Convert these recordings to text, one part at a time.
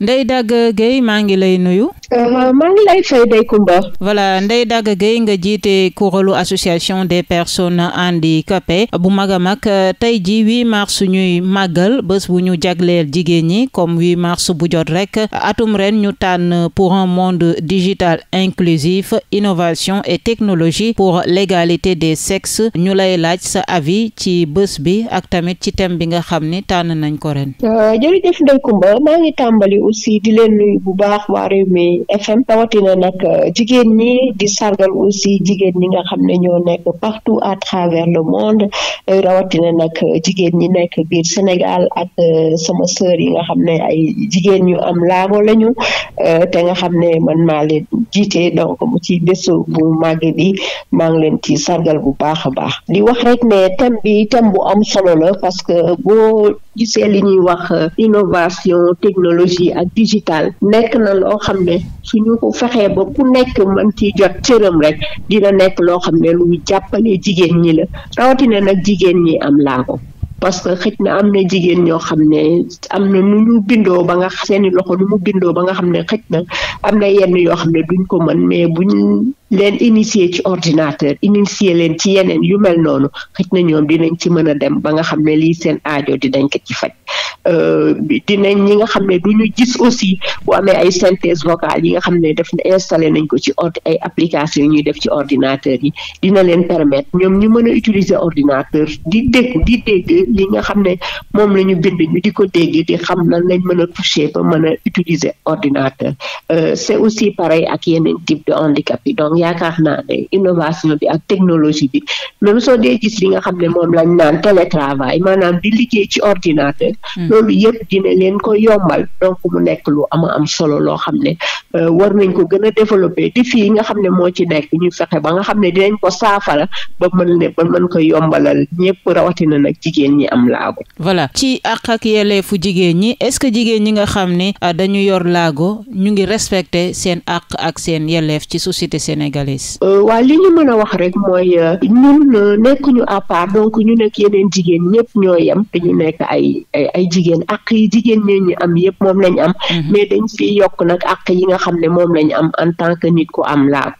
Ndeye Daguè Gueye maa ngi lay nuyu Euh, maa ngi lay fay Ndeye Comba. voilà Ndeye Daga Gueye nga jiite kuréelu association des personnes handicapées bu mag a mag tey ji 8 mars ñuy màggal bés bu ñu jagleel jigéen ñi comme 8 mars bu jot rek atum ren ñu tànn pour un monde digital inclusif innovation et technologie pour l'égalité des sexes ñu lay laaj sa avis ci bés bi ak tamit ci thème bi nga xam ni tànn nañ ko ren. Euh, FM rawatina nag euh, jigéen ñi di sargal aussi jigéen ñi nga xam ne ñoo nekk partout à travers le monde euh, rawatina nag euh, jigéen ñi nekk biir Sénégal ak sama sœur yi nga xam ne ay jigéen ñu am laago lañu te nga xam ne man maa leen jiite donc mu ci bésu bu màgg bi maa ngi leen ci sargal bu baax a baax di wax rek ne thème bi thème bu am solo la parce que boo gisee li ñuy wax euh, innovation technologie ak digital nekk na loo xam ne suñu ko fexee ba ku nekk mën ci jot cëram rek dina nekk loo xam ne luy jàppale jigéen ñi la rawatina nag jigéen ñi am laa ko parce que xëj na am na jigéen ñoo xam ne am na nu ñu bindoo ba nga seeni loxo mu bindoo ba nga xam ne xëj na am na yenn yoo xam ne duñ ko mën mais buñ leen initier ci ordinateur initier leen ci yeneen yu mel noonu xëj na ñoom dinañ ci mën a dem ba nga xam ne lii seen aajo dinañ ko ci faj euh, dinañ ñi nga xam ne du ñu gis aussi bu ay synthèse vocale yi nga xam ne def na installé nañ ko ci ordi ay application ñuy def ci ordinateur yi dina leen permettre ñoom ñu mën a utiliser ordinateur di dégg di dégg nga xam ne moom la ñu bind ñu di ko dégg di xam lan lañ mën a toucher ba mën a utiliser ordinateur euh, c'est aussi pareil ak yeneen type de handicap yi donc yaakaar naa ne innovation bi ak technologie bi loolu soo dee gis li nga xam ne moom lañ naan télétravail maanaam di liggéey ci ordinateur. Hmm. loolu yëpp dina leen ko yombal donc mu nekk lu ama am solo loo xam ne euh, war nañ ko gën a développer te fii nga xam ne moo ci nekk ñu fexe ba nga xam ne dinañ ko saafara ba mën ne ko yombalal ñëpp rawatina nag jigéen ñi am laago. voilà ci àq ak yelleefu jigéen ñi est-ce que jigéen ñi nga xam ne euh, dañu yor laago ñu ngi respecter seen àq ak seen yeleef ci société Sénégal. sénégalaise. Euh, wa li ñu mën a wax rek mooy euh, euh, nekk ñu à part donc ñu nekk yeneen jigéen ñëpp ñoo yem ñu nekk ay ay jigéen ak yi jigéen ñi am yëpp moom lañ am. Mhm. mais dañ fi yokk nag ak yi nga xam ne moom lañ am en tant que nit ku am laam.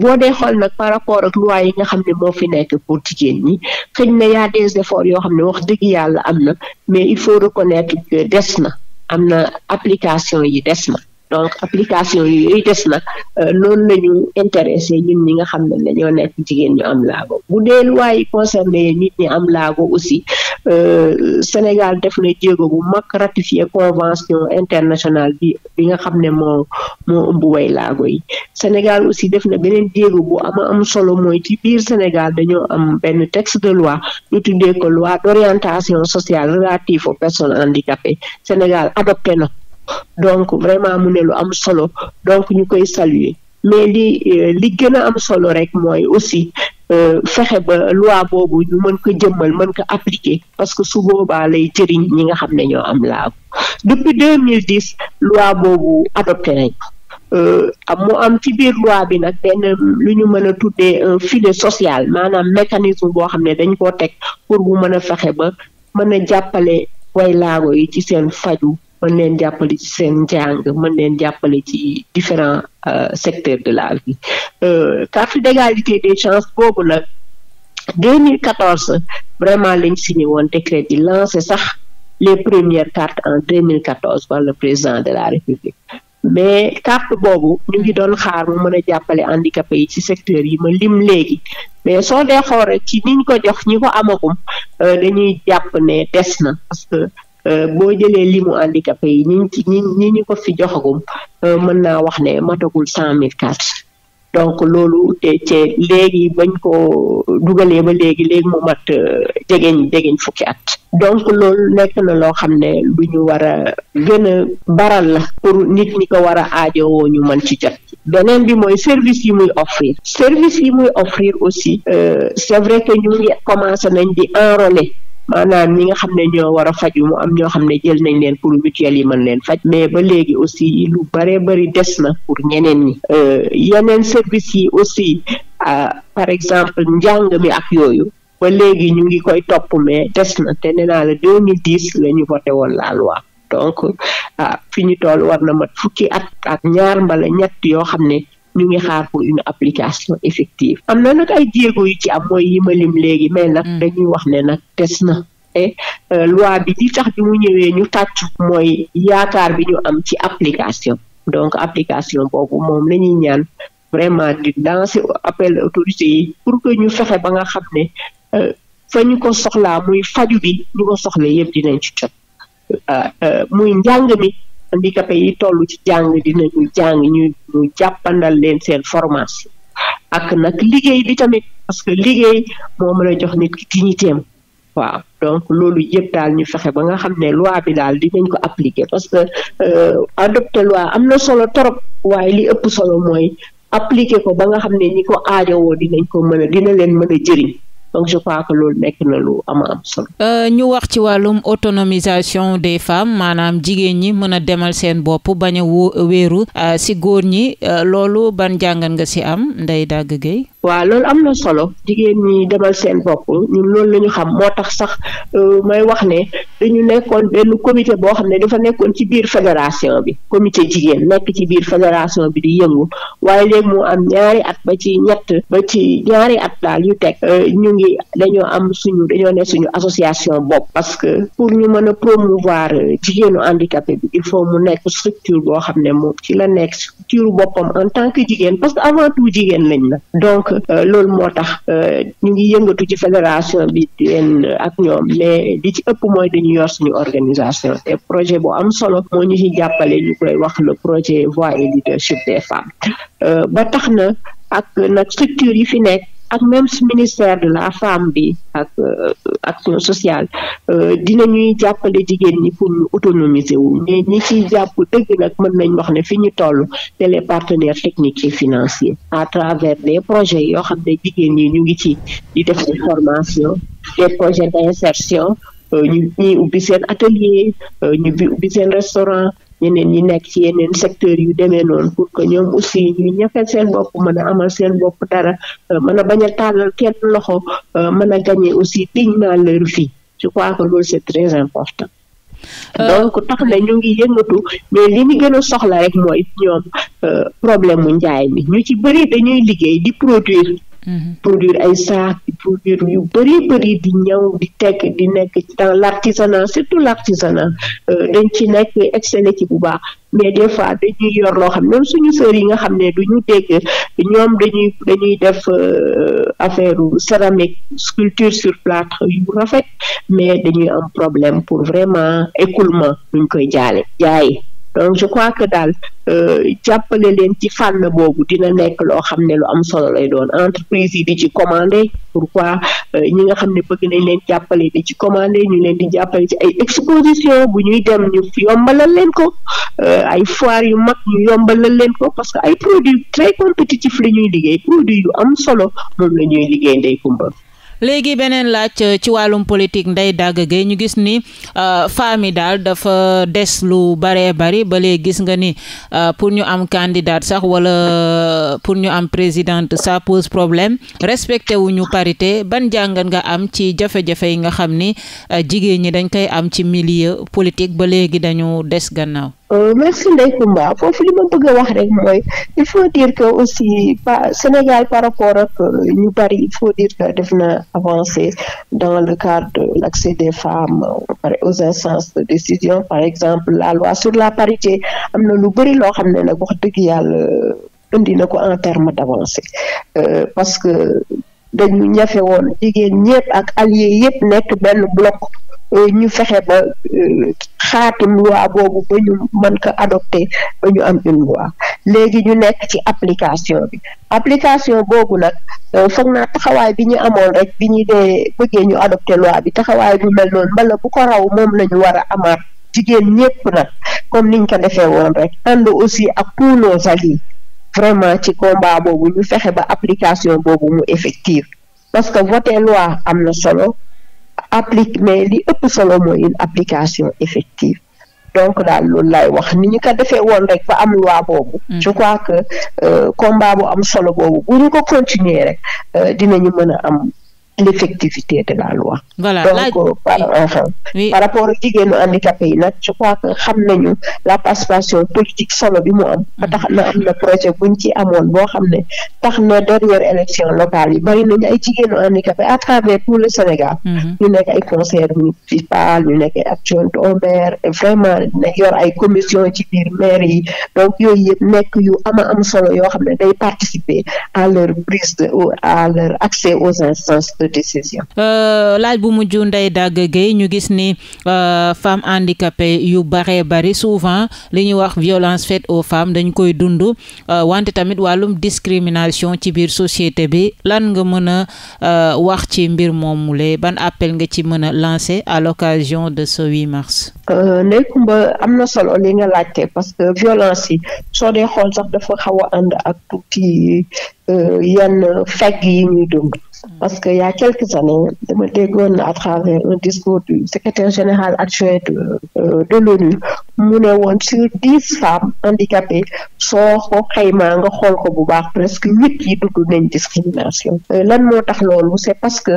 boo dee xool nag par rapport ak loi yi nga xam ne moo fi nekk pour jigéen ñi xëñ na yaa des efforts yoo xam ne wax dëgg yàlla am na mais il faut reconnaître des na am na application yi des na donc application yi des na euh, noonu nañu ñu intéressé ñun ñi nga xam ne dañoo nekk jigéen ñu am laago bu dee loi yi concerné nit ñi am laago aussi euh, Sénégal def na jéego bu mag ratifié convention internationale bi bi nga xam ne moo moo ëmb way laago yi Sénégal aussi def na beneen jéego bu ama am solo mooy ci biir Sénégal dañoo am benn texte de loi ñu tuddee ko loi d'orientation sociale relative aux personnes handicapées Sénégal adopté na donc vraiment mu ne lu am solo donc ñu koy saluer mais li euh, li gën a am solo rek mooy aussi euh, fexe ba loi boobu ñu mën ko jëmmal mën ko appliquer parce que su boobaa lay jëriñ ñi nga xam ne ñoo am laago depuis deux mille dix loi boobu adopté am euh, mu am ci biir loi bi nag benn lu ñu mën a tuddee un filet social maanaam mécanisme boo xam ne dañ koo teg pour bu mën a fexe ba mën a jàppale way laago yi ci seen faju mën leen jàppale ci seen njàng mën leen jàppale ci différents euh, secteurs de la vie euh, carte d'égalité des chances boobu nag 2014 vraiment lañ signé woon décret bi lancé sax les premières cartes en mille 2014 par le président de la République mais carte boobu ñu ngi doon xaar mu mën a jàppale handicapé yi ci secteur yi ma lim léegi mais soo dee xool rek ci niñ ko jox ñi ko amagum euh, dañuy jàpp ne des na parce que Euh, boo jëlee limu handicapé yi ñi ci ñi ñu ko fi joxagum euh, mën naa wax ne matagul cent mille quatre donc loolu te te léegi bañ ko dugalee ba léegi léegi mu mat euh, jegeñ jegeñ fukki at donc loolu nekk na loo xam ne lu ñu war a gën a baral la pour nit ñi ko war a aajowoo ñu man ci jot beneen bi mooy service yi muy offrir service yi muy offrir aussi c'est vrai que ñu ngi commencé nañ di enrôler maanaam ñi nga xam ne ñoo war a faju mu am ñoo xam ne jël nañ leen pour mutuelle yi mën leen faj mais ba léegi aussi lu bare bari des na pour ñeneen ñi euh, yeneen service yi aussi par exemple njàng mi ak yooyu ba léegi ñu ngi koy topp mais des na te nee naa la deux mille dix la ñu voté woon la wa donc ah fi ñu toll war na mat fukki at ak ñaar mbala ñett yoo xam ne ñu ngi xaar pour une application effective am na nag ay jéego yu ci am mooy yi lim léegi mais nag mm. dañuy wax ne nag des na te euh, loi bi li tax bi mu ñëwee ñu tàccu mooy yaakaar bi ñu am ci application donc application boobu moom la ñuy ñaan vraiment di lancer appel autorité yi pour que ñu fexe ba nga xam ne euh, fa ñu ko soxlaa muy faju bi ñu ko soxla yëpp dinañ ci jot euh, muy njàng mi handicapé yi toll ci jàng dina jàng ñu ñu jàppandal leen seen formation ak nag liggéey bi tamit parce que liggéey moo mën a jox nit ki dignité am waaw donc loolu yëpp daal ñu fexe ba nga xam ne loi bi daal dinañ ko appliquer parce que euh, adopter loi am na solo torop waaye li ëpp solo mooy appliquer ko ba nga xam ne ñi ko aajowoo dinañ ko mën dina leen mën a jëriñ donc je crois que loolu nekk na lu euh, ñu wax ci wàllum autonomisation des femmes maanaam jigéen ñi mën a demal seen bopp bañ weeru wéeru euh, si góor ñi euh, loolu ban jàngat nga ci am Ndeye Daguè Gueye. waaw loolu am na solo jigéen ñi demal seen bopp ñun loolu la ñu xam moo tax sax euh, may wax ne dañu nekkoon benn comité boo xam ne dafa nekkoon ci biir fédération bi comité jigéen nekk ci biir fédération bi di yëngu waaye léegi mu am ñaari at ba ci ñett ba ci ñaari at daal yu teg euh, ñu ngi dañoo am suñu dañoo ne suñu association bopp parce que pour ñu mën a promouvoir euh, jigéenu handicapé bi il faut mu nekk structure boo xam ne moom ci la nekk structure boppam en tant que jigéen parce que avant jigéen lañ la Euh, loolu moo tax euh, ñu ngi yëngatu ci fédération bi di euh, ak ñoom mais li ci ëpp mooy dañu yor suñu organisation te projet bu am solo moo ñu ci jàppale ñu koy wax le projet voix et leadership des femmes ba tax na ak nag structure yi fi nekk ak même si ministère de la femme bi ak euh, action sociale euh, dina ñuy jàppale jigéen ñi pour ñu autonomiser wu mais ñi ciy jàpp dëgg nag mën nañ wax ne fi ñu toll te les partenaires techniques et financiers à travers des projets yoo xam ne jigéen ñi ñu ngi ci di def des formations des projets d'insertion euh, ñu ubbi seen atelier ñu ubbi restaurant ñeneen ñi nekk ci yeneen secteur yu demee noon pour que ñoom aussi ñu ñafe seen bopp mën a amal seen bopp dara euh, mën a bañ a tàllal kenn loxo euh, mën a gagner aussi dignement leur vie je crois que loolu c'est très important. Euh, donc tax na ñu ngi yëngatu mais li ñu gën a soxla rek mooy ñoom problème mu njaay mi ñu ci bëri dañuy liggéey di produire. Mhm. produire ay saak di produire yu bëri bëri di ñëw di tekk di nekk dans l' artisanat surtout l' artisanat euh, dañ ci nekk excellé ci bu baax mais des fois dañuy yor loo xam même suñu sœur yi nga xam ne du ñu dégg ñoom dañuy dañuy def euh, affaire céramique sculpture sur plâtre yu rafet mais dañuy am problème pour vraiment écoulement duñ koy jaale jaay donc euh, je crois que daal euh, jàppale leen ci fànn boobu dina nekk loo xam ne lu am solo lay doon entreprise yi di ci commandé pourquoi euh, ñi nga xam ne bëgg nañ leen jàppale di ci commandé ñu leen di jàppale ci ay exposition bu ñuy dem ñu yombalal leen ko ay foire yu mag ñu yombalal leen ko parce que ay produits très compétitifs la ñuy liggéey produit yu am solo moom la ñuy liggéey ndey kumba léegi beneen laaj euh, ci wàllum politique Ndeye Daga Gueye ñu gis ni euh, femmes yi daal dafa des lu baree bari ba léegi gis nga ni euh, pour ñu am candidate sax wala pour ñu am présidente ça pose problème respecté wuñu parité ban jàngat nga am ci jafe-jafe yi nga xam ni jigéen ñi dañ koy am ci milieu politique ba léegi dañu des gannaaw Euh, merci Ndeye Comba foofu li ma bëgg wax rek mooy il faut dire que aussi pa Sénégal par rapport ak euh, ñu bari il faut dire que def na avancé dans le cadre de l' accès des femmes aux instances de décision par exemple la loi sur la parité am na lu bëri loo xam ne na wax dëgg yàlla euh, indi na ko en terme parce que dañu ñafe woon jigéen ñëpp ak alliés yëpp nekk benn bloc ñu fexe ba euh, xaatim loi boobu ba ñu mën ko adopté ba ñu am une loi léegi ñu nekk ci application bi application boobu nag euh, foog naa taxawaay bi ñu amoon rek bi ñu dee bëggee ñu adopté loi bi taxawaay bu mel noonu mbala bu ko raw moom la ñu war a amaat jigéen ñépp nag comme niñ ko defee woon rek ànd aussi ak tous nos alliés vraiment ci combat boobu ñu fexe ba application boobu mu effective parce que voter loi am na solo applique mais li ëpp solo mooy une application effective donc daal loolu lay wax ni ñu ko defee woon rek ba am loi boobu. Mm. je crois que euh, combat bu am solo boobu bu ñu ko continuer rek euh, dinañu mën a am. l'effectivité de la loi. voilà donc la... Euh, par oui. par rapport ak jigéenu handicapé yi a je crois que xam nañu la participation politique solo bi mu am. ba tax na am na projet buñ ci amoon boo xam ne tax na dernière élection locale yi bari nañu ay jigéenu handicapé à travers tout le Sénégal. Mhm. ñu nekk ay conseillers municipaux ñu nekk participer à leur prise à leur accès aux instances décision. Euh, laaj bu mujj Ndeye dagg Gueye ñu gis ni euh, femmes handicapées yu baree bari souvent li ñuy wax violence faite aux femmes dañ koy dund euh, wante tamit wàllum discrimination ci biir société bi lan nga mën a wax ci mbir moomule ban appel nga ci mën a lancer à l'occasion de ce 8 mars. Ndeye Comba am na solo li laajte parce que violence yi soo dee xool sax dafa xaw a ànd ak tuuti. Euh, yenn fag yi ñuy dund parce que ya y a quelques années dama déggoon à travers un discours du secrétaire général adjoint de euh, de l'ONU mu ne woon sur dix femmes handicapées soo ko xaymaa nga xool ko bu baax presque huit yi dund nañ discrimination euh, lan moo tax loolu c'est parce que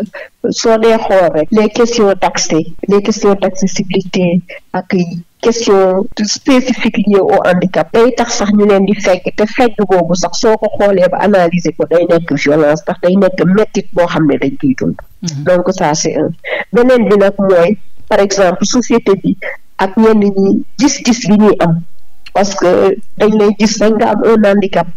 soo dee xool rek les questions taxées les ak question spécifique liée au handicap day tax sax ñu leen di fekk te fekk boobu sax soo ko xoolee ba analyser ko day nekk violence ndax day nekk mettit boo xam ne dañ koy dund mhm. donc ça c'est un beneen bi nag mooy par exemple société bi ak ñenn ñi gis-gis bi ñuy am parce que dañ lay gis sax nga am un handicap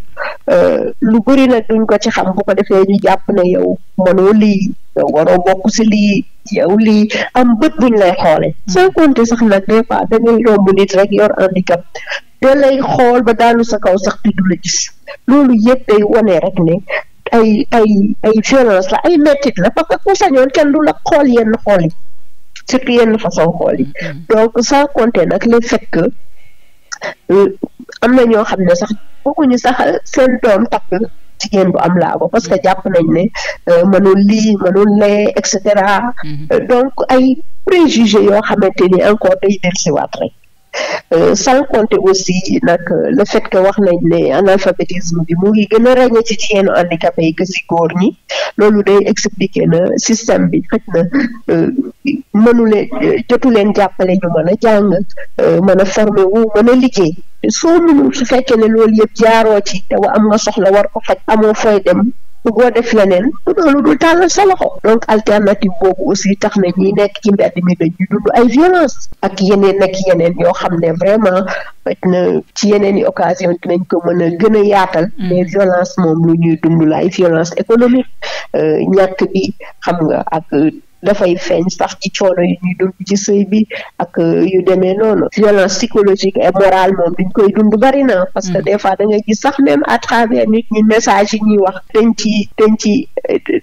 euh, lu bëri nag duñ ko ci xam bu ko defee ñu jàpp ne yow mënoo lii yow waroo bokk ci lii yow lii am bët buñ lay xoole hmm. sans compter sax nag des dañuy romb nit rek yor handicap da lay xool ba daanu sa kaw sax te du la gis loolu yëpp day wane rek ne ay ay ay sax ay mettit la parce que ku sañoon kenn du la xool yenn xool yi surtout yenn façon xool yi hmm. donc sans compter nag le fait euh, am na ñoo xam ne sax bëgguñu sax seen doom takk ci jigéen bu am laago parce que jàpp nañ ne euh, mënul lii mënul lee et cetera mm-hmm. euh, donc ay préjugés yoo xamante ni encore day dellusiwaat rek euh, sans compter aussi nag le fait que wax nañ ne analphabétisme bi mu ngi gën a ràññee ci jigéenu handicapé yi que si góor ñi loolu day expliquer na système bi xëj na mënu leen jotu leen jàppale ñu mën a jàng mën a former wu mën a liggéey soo mënul su fekkee ne loolu yëpp jaaroo ci te wa am nga soxla war ko faj amoo fooy dem boo def leneen loolu dul tàllal sa loxo donc alternative boobu aussi tax na ñi nekk ci mbedd mi dañuy dund ay violence ak yeneen ak yeneen yoo xam ne vraiment faj na ci yeneen i occasion dinañ ko mën a gën a yaatal mm. mais violence moom lu ñuy dund la ay violence économique euh, ñàkk bi xam nga ak dafay feeñ sax ci coono yi ñuy dund ci sëy bi ak euh, yu demee noonu violence psychologique et morale moom duñ koy dund bari na parce que mm. des fois da nga gis sax même à travers nit ñi message yi ñuy wax dañ ci dañ ci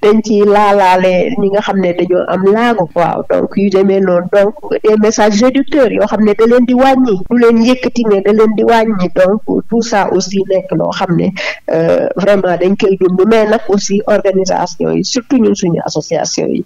dañ ci laalaale ñi nga xam ne dañoo am laago waaw donc yu demee noonu donc des messages réducteurs yoo xam ne da leen di wàññi du leen yëkkati ne da leen di wàññi donc tout ça aussi nekk loo xam ne euh, vraiment dañ koy dund mais nag aussi organisation yi surtout ñun suñu association yi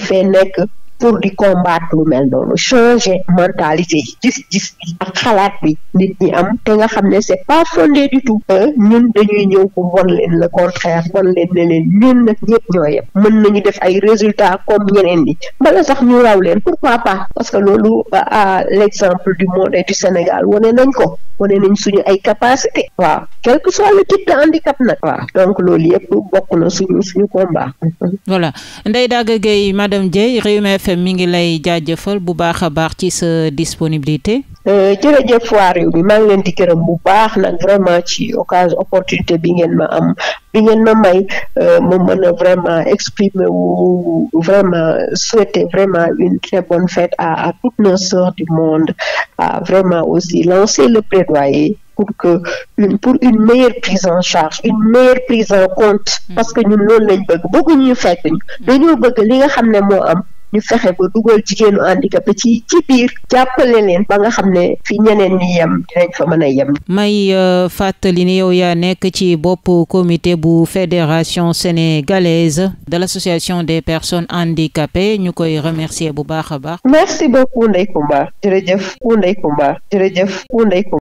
waruñu fee nekk pour di combattre lu mel noonu changer mentalité yi gis bi ak xalaat bi nit ñi am te nga xam ne c'est pas fondé du tout que euh, ñun dañuy ñëw ko won leen le contraire won leen ne leen ñun nag ñëpp ñoo yem mën nañu def ay résultat comme ñeneen ñi bala sax ñu raw leen pourquoi pas parce que loolu à l'exemple du monde et du Sénégal wane nañ ko wane nañ suñu ay capacité waaw quel que soit le type de nag waaw donc loolu yëpp bokk na suñu suñu combat. voilà Ndeye Daga Gueye madame Dieye Rewmi FM mi ngi lay jaajëfal bu baax a baax ci sa disponibilité. Euh, jërëjëf waa réew mi maa ngi leen di gërëm bu baax nag vraiment ci occasion opportunité bi ngeen ma am bi ngeen ma may euh, ma mën vraiment exprime wu vraiment souhaiter vraiment une très bonne fête à à toutes nos sœurs du monde à vraiment aussi lancer le plaidoyer pour que une pour une meilleure prise en charge une meilleure prise en compte parce que ñun loolu lañ bëgg bëgguñu fekk ñu dañoo bëgg li nga xam ne moo am ñu fexe ba dugal jigéenu handicapé ci ci biir jàppale leen ba nga xam ne fi ñeneen ñi yem dinañ fa mën a yem. may euh, fàttali ni yow yaa nekk ci bopp comité bu fédération sénégalaise de l'association des personnes handicapées ñu koy remercier bu baax a baax. merci beaucoup Ndeye Comba jërëjëf ku Ndeye Comba jërëjëf ku Ndeye Comba.